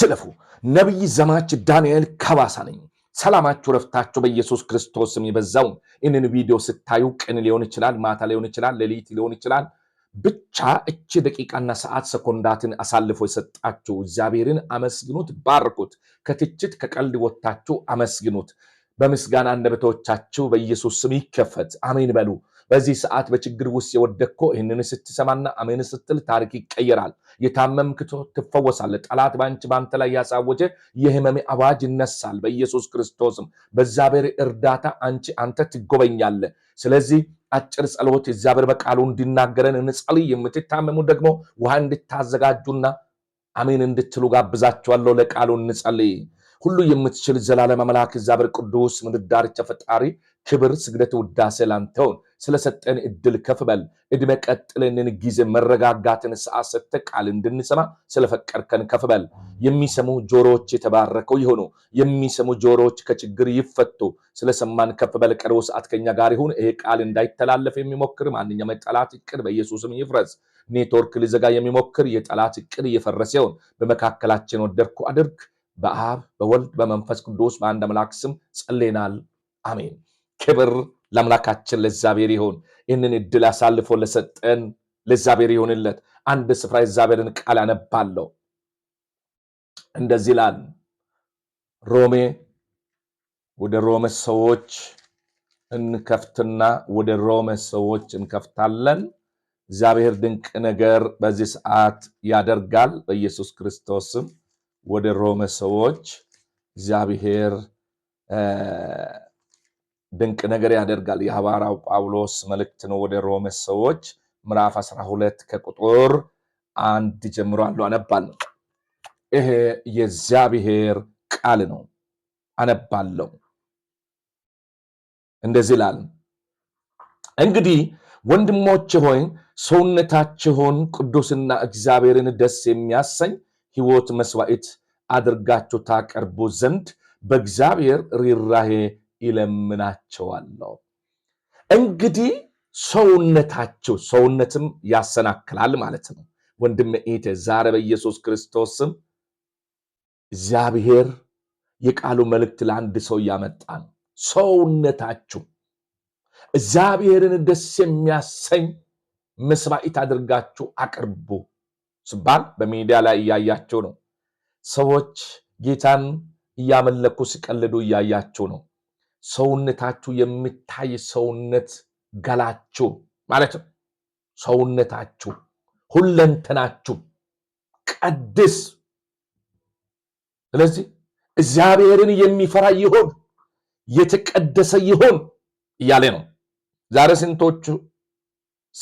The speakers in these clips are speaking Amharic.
አትለፉ። ነቢይ ዘማች ዳንኤል ከባሳ ነኝ። ሰላማችሁ ረፍታችሁ በኢየሱስ ክርስቶስ ይበዛው ይህንን ቪዲዮ ስታዩ ቅን ሊሆን ይችላል፣ ማታ ሊሆን ይችላል፣ ሌሊት ሊሆን ይችላል። ብቻ እቺ ደቂቃና ሰዓት ሰኮንዳትን አሳልፎ የሰጣችሁ እግዚአብሔርን አመስግኑት፣ ባርኩት። ከትችት ከቀልድ ወጥታችሁ አመስግኑት። በምስጋና አንደበቶቻችሁ በኢየሱስ ስም ይከፈት። አሜን በሉ። በዚህ ሰዓት በችግር ውስጥ የወደግኮ ይህንን ስትሰማና አሜን ስትል ታሪክ ይቀየራል። የታመምክ ትፈወሳለ። ጠላት በአንቺ በአንተ ላይ ያሳወጀ የህመሜ አዋጅ ይነሳል በኢየሱስ ክርስቶስም። በእግዚአብሔር እርዳታ አንቺ አንተ ትጎበኛለ። ስለዚህ አጭር ጸሎት እግዚአብሔር በቃሉ እንዲናገረን እንጸልይ። የምትታመሙ ደግሞ ውሃ እንድታዘጋጁና አሜን እንድትሉ ጋብዛችኋለሁ። ለቃሉ እንጸልይ። ሁሉ የምትችል ዘላለም አምላክ እግዚአብሔር ቅዱስ ምድር ዳርቻ ፈጣሪ ክብር፣ ስግደት፣ ውዳሴ ላንተውን ስለሰጠን እድል ከፍ በል። እድሜ ቀጥለንን ጊዜ መረጋጋትን ሰዓት ሰጥተህ ቃል እንድንሰማ ስለፈቀድከን ከፍ በል። የሚሰሙ ጆሮዎች የተባረከው ይሆኑ። የሚሰሙ ጆሮዎች ከችግር ይፈቱ። ስለሰማን ከፍ በል። ቀሪው ሰዓት ከኛ ጋር ይሁን። ይሄ ቃል እንዳይተላለፍ የሚሞክር ማንኛውም የጠላት እቅድ በኢየሱስም ይፍረስ። ኔትወርክ ሊዘጋ የሚሞክር የጠላት እቅድ እየፈረሰ ይሆን። በመካከላችን ወደርኩ አድርግ በአብ በወልድ በመንፈስ ቅዱስ በአንድ አምላክ ስም ጸልየናል። አሜን። ክብር ለአምላካችን ለእግዚአብሔር ይሁን። ይህንን እድል አሳልፎ ለሰጠን ለእግዚአብሔር ይሁንለት። አንድ ስፍራ የእግዚአብሔርን ቃል ያነባለሁ እንደዚህ ይላል ሮሜ ወደ ሮሜ ሰዎች እንከፍትና ወደ ሮሜ ሰዎች እንከፍታለን። እግዚአብሔር ድንቅ ነገር በዚህ ሰዓት ያደርጋል። በኢየሱስ ክርስቶስም ወደ ሮመ ሰዎች እግዚአብሔር ድንቅ ነገር ያደርጋል። የሐዋርያው ጳውሎስ መልእክት ነው ወደ ሮመ ሰዎች ምዕራፍ 12 ከቁጥር አንድ ጀምሮ አሉ አነባለሁ። ይሄ የእግዚአብሔር ቃል ነው። አነባለሁ እንደዚህ ይላል፣ እንግዲህ ወንድሞች ሆይ ሰውነታችሁን ቅዱስና እግዚአብሔርን ደስ የሚያሰኝ ሕይወት መስዋዕት አድርጋችሁ ታቀርቡ ዘንድ በእግዚአብሔር ርኅራኄ ይለምናቸዋለሁ። እንግዲህ ሰውነታችሁ ሰውነትም ያሰናክላል ማለት ነው። ወንድም ኢቴ ዛሬ በኢየሱስ ክርስቶስም እግዚአብሔር የቃሉ መልእክት ለአንድ ሰው እያመጣ ነው። ሰውነታችሁ እግዚአብሔርን ደስ የሚያሰኝ መስዋዕት አድርጋችሁ አቅርቡ። ሲባል በሚዲያ ላይ እያያቸው ነው። ሰዎች ጌታን እያመለኩ ሲቀልዱ እያያቸው ነው። ሰውነታችሁ የሚታይ ሰውነት ገላችሁ ማለት ነው። ሰውነታችሁ ሁለንተናችሁ ቀድስ። ስለዚህ እግዚአብሔርን የሚፈራ ይሆን የተቀደሰ ይሆን እያለ ነው። ዛሬ ስንቶቹ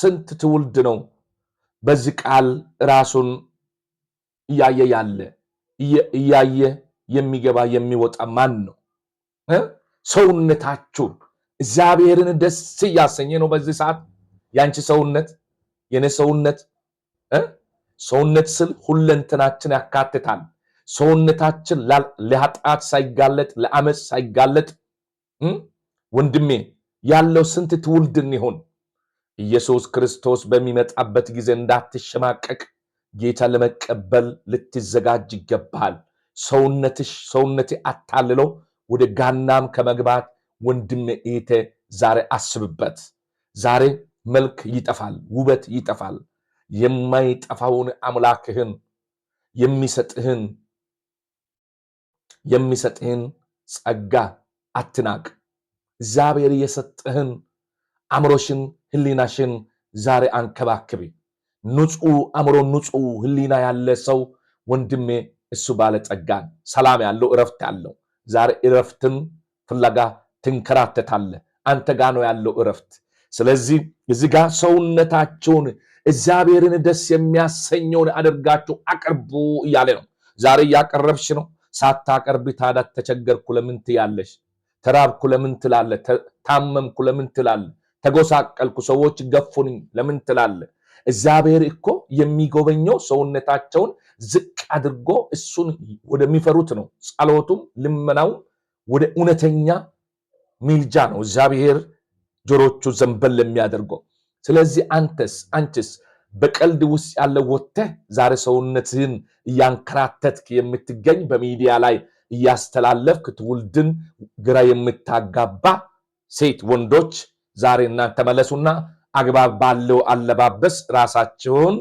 ስንት ትውልድ ነው በዚህ ቃል ራሱን እያየ ያለ እያየ የሚገባ የሚወጣ ማን ነው? ሰውነታችሁ እግዚአብሔርን ደስ እያሰኘ ነው። በዚህ ሰዓት የአንቺ ሰውነት የኔ ሰውነት ሰውነት ስል ሁለንትናችን ያካትታል። ሰውነታችን ለኃጢአት ሳይጋለጥ ለአመፅ ሳይጋለጥ ወንድሜ ያለው ስንት ትውልድን ይሆን ኢየሱስ ክርስቶስ በሚመጣበት ጊዜ እንዳትሸማቀቅ ጌታ ለመቀበል ልትዘጋጅ ይገባል። ሰውነትሽ ሰውነት አታልሎ ወደ ጋናም ከመግባት ወንድሜ እህቴ ዛሬ አስብበት። ዛሬ መልክ ይጠፋል፣ ውበት ይጠፋል። የማይጠፋውን አምላክህን የሚሰጥህን የሚሰጥህን ጸጋ አትናቅ። እግዚአብሔር የሰጥህን አእምሮሽን ህሊናሽን ዛሬ አንከባክቢ። ንጹህ አእምሮ፣ ንጹህ ህሊና ያለ ሰው ወንድሜ እሱ ባለጸጋን፣ ሰላም ያለው እረፍት ያለው ዛሬ እረፍትን ፍለጋ ትንከራተታለ። አንተ ጋ ነው ያለው እረፍት። ስለዚህ እዚህ ጋር ሰውነታቸውን እግዚአብሔርን ደስ የሚያሰኘውን አድርጋችሁ አቅርቡ እያለ ነው። ዛሬ እያቀረብሽ ነው። ሳታቀርቢ ታዲያ ተቸገርኩ ለምን ትያለሽ? ተራብኩ ለምን ትላለ? ታመምኩ ለምን ትላለ? ተጎሳቀልኩ፣ ሰዎች ገፉኝ ለምን ትላለህ? እግዚአብሔር እኮ የሚጎበኘው ሰውነታቸውን ዝቅ አድርጎ እሱን ወደሚፈሩት ነው። ጸሎቱም ልመናውም ወደ እውነተኛ ሚልጃ ነው እግዚአብሔር ጆሮቹ ዘንበል የሚያደርገው። ስለዚህ አንተስ አንቺስ በቀልድ ውስጥ ያለ ወጥተህ ዛሬ ሰውነትህን እያንከራተትክ የምትገኝ በሚዲያ ላይ እያስተላለፍክ ትውልድን ግራ የምታጋባ ሴት ወንዶች ዛሬ እናንተ መለሱና አግባብ ባለው አለባበስ ራሳችሁን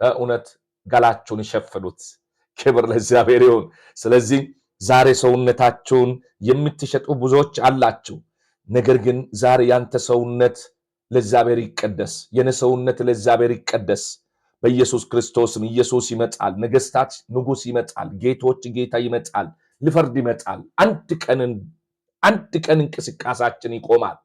በእውነት ገላችሁን ይሸፍኑት። ክብር ለእግዚአብሔር ይሁን። ስለዚህ ዛሬ ሰውነታችሁን የምትሸጡ ብዙዎች አላችሁ። ነገር ግን ዛሬ ያንተ ሰውነት ለእግዚአብሔር ይቀደስ፣ የነ ሰውነት ለእግዚአብሔር ይቀደስ። በኢየሱስ ክርስቶስም ኢየሱስ ይመጣል። ነገስታት ንጉስ ይመጣል። ጌቶች ጌታ ይመጣል። ልፈርድ ይመጣል። አንድ ቀን አንድ ቀን እንቅስቃሴያችን ይቆማል።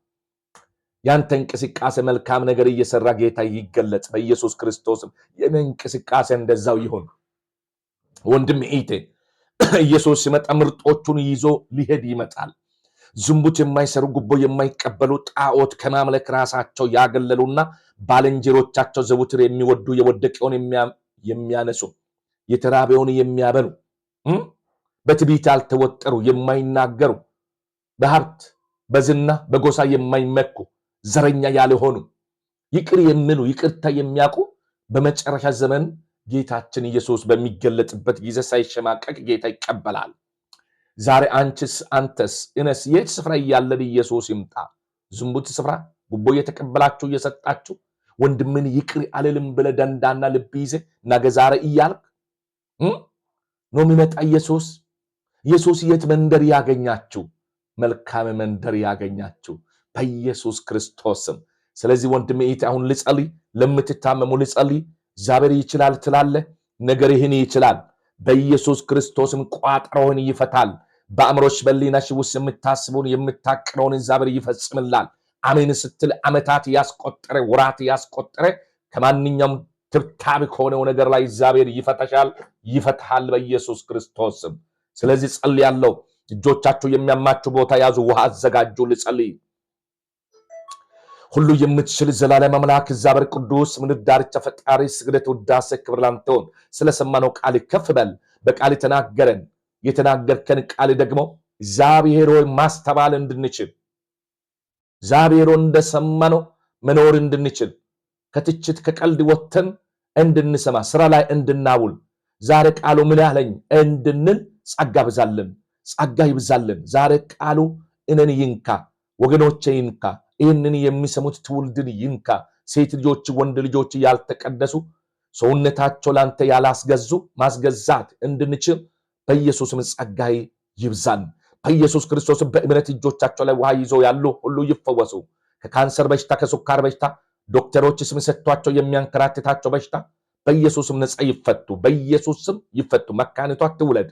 ያንተ እንቅስቃሴ መልካም ነገር እየሰራ ጌታ ይገለጽ በኢየሱስ ክርስቶስም። የኔ እንቅስቃሴ እንደዛው ይሆን። ወንድም ኢቴ ኢየሱስ ሲመጣ ምርጦቹን ይዞ ሊሄድ ይመጣል። ዝንቡት የማይሰሩ ጉቦ የማይቀበሉ ጣዖት ከማምለክ ራሳቸው ያገለሉና ባልንጀሮቻቸው ዘውትር የሚወዱ የወደቀውን የሚያነሱ የተራቢውን የሚያበሉ በትቢት ያልተወጠሩ የማይናገሩ በሀብት በዝና በጎሳ የማይመኩ ዘረኛ ያልሆኑ ይቅር የሚሉ ይቅርታ የሚያውቁ በመጨረሻ ዘመን ጌታችን ኢየሱስ በሚገለጥበት ጊዜ ሳይሸማቀቅ ጌታ ይቀበላል። ዛሬ አንቺስ አንተስ እነስ የት ስፍራ እያለን ኢየሱስ ይምጣ። ዝሙት ስፍራ ጉቦ እየተቀበላችሁ እየሰጣችሁ ወንድምን ይቅር አልልም ብለ ደንዳና ልብ ይዘህ ነገ ዛሬ እያልክ ነው የሚመጣ ኢየሱስ። ኢየሱስ የት መንደር ያገኛችሁ? መልካም መንደር ያገኛችሁ። በኢየሱስ ክርስቶስም። ስለዚህ ወንድሜ እህቴ አሁን ልጸልይ፣ ለምትታመሙ ልጸልይ። እግዚአብሔር ይችላል ትላለህ፣ ነገርህን ይችላል። በኢየሱስ ክርስቶስም ቋጠሮህን ይፈታል። በአእምሮሽ በሊናሽ ውስጥ የምታስበውን የምታቅረውን እግዚአብሔር ይፈጽምላል። አሜን ስትል ዓመታት ያስቆጠረ ወራት ያስቆጠረ ከማንኛውም ትብታብ ከሆነው ነገር ላይ እግዚአብሔር ይፈተሻል፣ ይፈትሃል በኢየሱስ ክርስቶስም። ስለዚህ ጸልያለሁ። እጆቻችሁ የሚያማችሁ ቦታ ያዙ፣ ውሃ አዘጋጁ፣ ልጸልይ ሁሉ የምትችል ዘላለም አምላክ እግዚአብሔር ቅዱስ ምድር ዳርቻ ፈጣሪ ስግደት፣ ውዳሴ፣ ክብር ላንተ ይሁን። ስለሰማነው ቃል ከፍ በል። በቃል የተናገረን የተናገርከን ቃል ደግሞ እግዚአብሔር ሆይ ማስተባል እንድንችል እግዚአብሔር እንደሰማነው መኖር እንድንችል ከትችት ከቀልድ ወጥተን እንድንሰማ ስራ ላይ እንድናውል ዛሬ ቃሉ ምን ያለኝ እንድንል ጸጋ ይብዛልን፣ ጸጋ ይብዛልን። ዛሬ ቃሉ እነን ይንካ፣ ወገኖቼ ይንካ ይህንን የሚሰሙት ትውልድን ይንካ። ሴት ልጆች፣ ወንድ ልጆች ያልተቀደሱ ሰውነታቸው ለአንተ ያላስገዙ ማስገዛት እንድንችል በኢየሱስም ጸጋይ ይብዛን። በኢየሱስ ክርስቶስ በእምነት እጆቻቸው ላይ ውሃ ይዘው ያሉ ሁሉ ይፈወሱ። ከካንሰር በሽታ፣ ከሱካር በሽታ ዶክተሮች ስም ሰጥቷቸው የሚያንከራትታቸው በሽታ በኢየሱስም ነፃ ይፈቱ፣ በኢየሱስም ይፈቱ። መካኒቷ ትውለድ።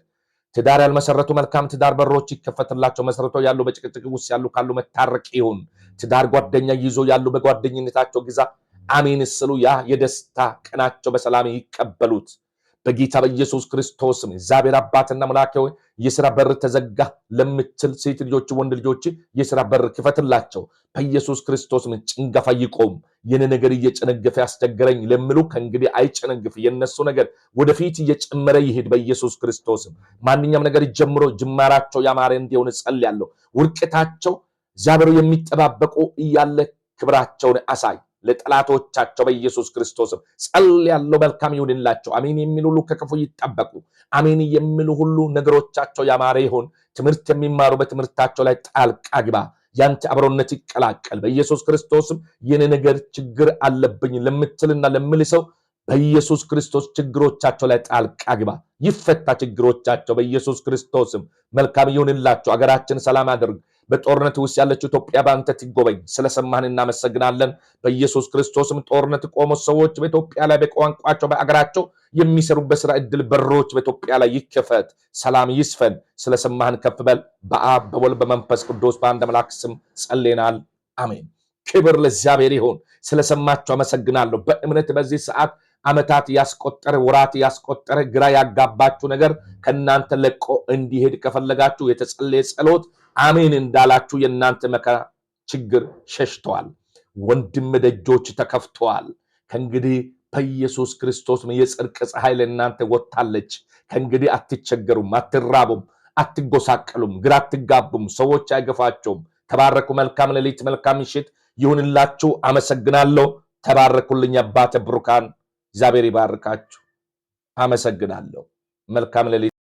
ትዳር ያልመሰረቱ መልካም ትዳር በሮች ይከፈትላቸው። መሰረቶ ያሉ በጭቅጭቅ ውስጥ ያሉ ካሉ መታረቅ ይሁን። ትዳር ጓደኛ ይዞ ያሉ በጓደኝነታቸው ግዛ አሜን ስሉ ያ የደስታ ቀናቸው በሰላም ይቀበሉት በጌታ በኢየሱስ ክርስቶስም እግዚአብሔር አባትና ሙላኬ ሆይ የስራ በር ተዘጋ ለምትል ሴት ልጆች፣ ወንድ ልጆች የስራ በር ክፈትላቸው በኢየሱስ ክርስቶስም። ጭንገፋ ይቆም። ይህን ነገር እየጨነገፈ ያስቸገረኝ ለምሉ ከእንግዲህ አይጨነግፍ። የነሱ ነገር ወደፊት እየጨመረ ይሄድ በኢየሱስ ክርስቶስም። ማንኛውም ነገር ጀምሮ ጅማራቸው ያማረ እንዲሆን ጸልያለሁ። ውርቅታቸው እግዚአብሔሩ የሚጠባበቁ እያለ ክብራቸውን አሳይ ለጠላቶቻቸው በኢየሱስ ክርስቶስም ጸል ያለው መልካም ይሁንላቸው። አሜን የሚል ሁሉ ከክፉ ይጠበቁ። አሜን የሚሉ ሁሉ ነገሮቻቸው ያማረ ይሁን። ትምህርት የሚማሩ በትምህርታቸው ላይ ጣልቃ ግባ። ያንተ አብሮነት ይቀላቀል። በኢየሱስ ክርስቶስም ይህን ነገር ችግር አለብኝ ለምትልና ለምል ሰው በኢየሱስ ክርስቶስ ችግሮቻቸው ላይ ጣልቃ ግባ። ይፈታ ችግሮቻቸው በኢየሱስ ክርስቶስም። መልካም ይሁንላቸው። አገራችን ሰላም አድርግ። በጦርነት ውስጥ ያለችው ኢትዮጵያ በአንተ ትጎበኝ። ስለሰማህን እናመሰግናለን። በኢየሱስ ክርስቶስም ጦርነት ቆሞ ሰዎች በኢትዮጵያ ላይ በቋንቋቸው በአገራቸው የሚሰሩበት ስራ እድል በሮች በኢትዮጵያ ላይ ይከፈት፣ ሰላም ይስፈን። ስለሰማህን ከፍ በል። በአብ በወልድ በመንፈስ ቅዱስ በአንድ አምላክ ስም ጸሌናል። አሜን። ክብር ለእግዚአብሔር ይሁን። ስለሰማችሁ አመሰግናለሁ። በእምነት በዚህ ሰዓት ዓመታት ያስቆጠረ ወራት ያስቆጠረ ግራ ያጋባችሁ ነገር ከእናንተ ለቆ እንዲሄድ ከፈለጋችሁ የተጸለየ ጸሎት አሜን እንዳላችሁ የእናንተ መከራ ችግር ሸሽተዋል። ወንድም ደጆች ተከፍተዋል። ከእንግዲህ በኢየሱስ ክርስቶስ የጽድቅ ፀሐይ ለእናንተ ወጥታለች። ከእንግዲህ አትቸገሩም፣ አትራቡም፣ አትጎሳቀሉም፣ ግራ አትጋቡም፣ ሰዎች አይገፋቸውም። ተባረኩ። መልካም ሌሊት፣ መልካም ምሽት ይሁንላችሁ። አመሰግናለሁ። ተባረኩልኝ። አባተ ብሩካን እግዚአብሔር ይባርካችሁ። አመሰግናለሁ። መልካም ሌሊት